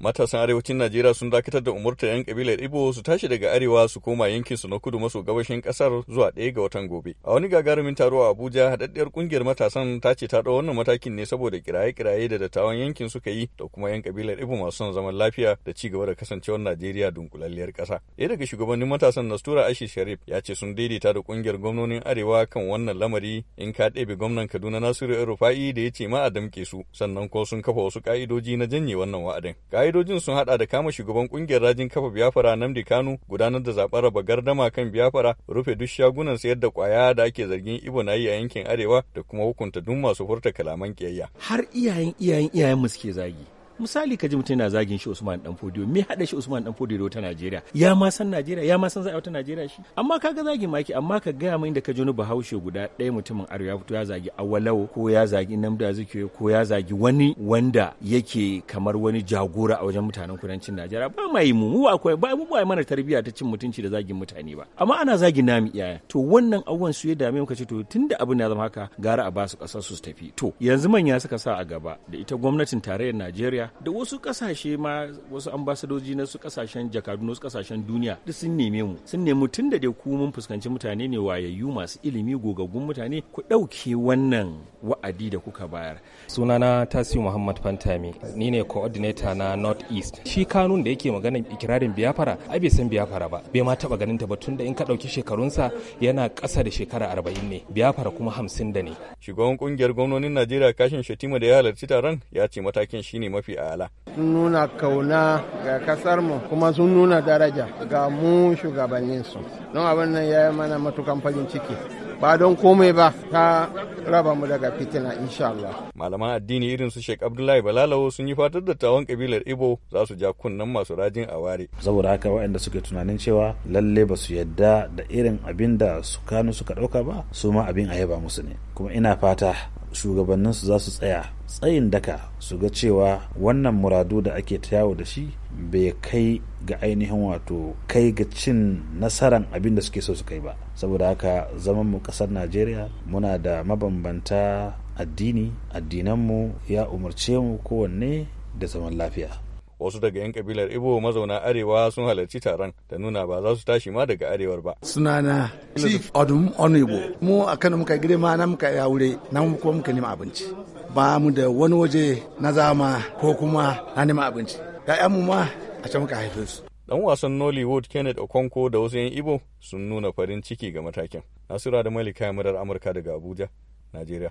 Matasan arewacin Najeriya sun dakatar da umurta 'yan kabilar Ibo su tashi daga arewa su koma yankin su na kudu maso gabashin kasar zuwa ɗaya ga watan gobe. A wani gagarumin taro a Abuja, haɗaɗɗiyar kungiyar matasan ta ce ta ɗau wannan matakin ne saboda kiraye-kiraye da dattawan yankin suka yi da kuma 'yan kabilar Ibo masu son zaman lafiya da ci gaba da kasancewar Najeriya dunkulalliyar ƙasa. Ɗaya daga shugabannin matasan Nastura Ashi Sharif ya ce sun daidaita da kungiyar gwamnonin arewa kan wannan lamari in ka ɗebe gwamnan Kaduna Nasiru Rufa'i da ya ce ma a damƙe su sannan ko sun kafa wasu ƙa'idoji na janye wannan wa'adin. Ƙa'idojin sun hada da kama shugaban kungiyar rajin kafa biyafara Namdi Kanu, gudanar da zaɓen raba gardama kan biyafara rufe duk shagunan sayar da ƙwaya da ake zargin Ibo na yi a yankin Arewa da kuma hukunta duk masu furta kalaman ƙiyayya. Har iyayen iyayen iyayen mu suke zagi. misali ka ji mutum yana zagin shi Usman dan Fodiyo me hada shi Usman dan Fodiyo da wata Najeriya ya ma san Najeriya ya ma san za a wata Najeriya shi amma ka kaga zagin maki amma ka gaya min da ka ji wani Bahaushe guda ɗaya mutumin Arewa ya fito ya zagi Awalawo ko ya zagi Namda ko ya zagi wani wanda yake kamar wani jagora a wajen mutanen kudancin Najeriya ba mai mu mu akwai ba mu ba mana tarbiyya ta cin mutunci da zagin mutane ba amma ana zagi nami iyaye to wannan abubuwan su ya dame mu ka ce to tunda abin ya zama haka gara a basu su kasar su tafi to yanzu manya suka sa a gaba da ita gwamnatin tarayyar Najeriya da wasu kasashe ma wasu ambasadoji na su kasashen jakadu na su kasashen duniya da sun neme mu sun nemi tun da dai ku mun fuskanci mutane ne wayayyu masu ilimi gogaggun mutane ku ɗauke wannan wa'adi da kuka bayar. Sunana Tasiu Muhammad Fantami ni ne coordinator na North East. Shi kanun da yake magana ikirarin biyafara ai bai san biyafara ba bai ma taba ganin ta ba tunda in ka ɗauki shekarunsa yana ƙasa da shekara arba'in ne biyafara kuma hamsin da ne. Shugaban kungiyar gwamnonin Najeriya Kashin Shatima da ya halarci taron ya ce matakin shine mafi Ala. Sun nuna kauna ga kasar mu kuma sun nuna daraja ga mu su Don abin nan ya yi mana matukan farin ciki. ba don komai ba ta raba mu daga fitina insha Allah. Malaman addini irin su sheik Abdullahi Balalawo sun yi fatar da tawon kabilar Ibo za su ja kunnan masu rajin a ware. Saboda haka waɗanda suke tunanin cewa lalle ba su yadda da irin abin da su kanu suka ɗauka ba su ma abin a yaba musu ne. Kuma ina fata shugabanninsu za su tsaya tsayin daka su ga cewa wannan muradu da ake ta yawo da shi bai kai ga ainihin wato kai ga cin nasaran abin da suke so su kai ba saboda haka zaman mu kasar najeriya muna da mabambanta addini addinanmu ya umarce mu kowanne da zaman lafiya wasu daga 'yan kabilar ibo mazauna arewa sun halarci taron da nuna ba za su tashi ma daga arewar ba sunana chief odum onibo mu a kano muka girma na muka aure na kuma muka nema abinci ba mu da wani waje na zama ko kuma na nema abinci Ya mu ma a can muka haife su dan wasan nollywood kenneth okonko da wasu 'yan ibo sun nuna farin ciki ga matakin nasira da malika murar amurka daga abuja najeriya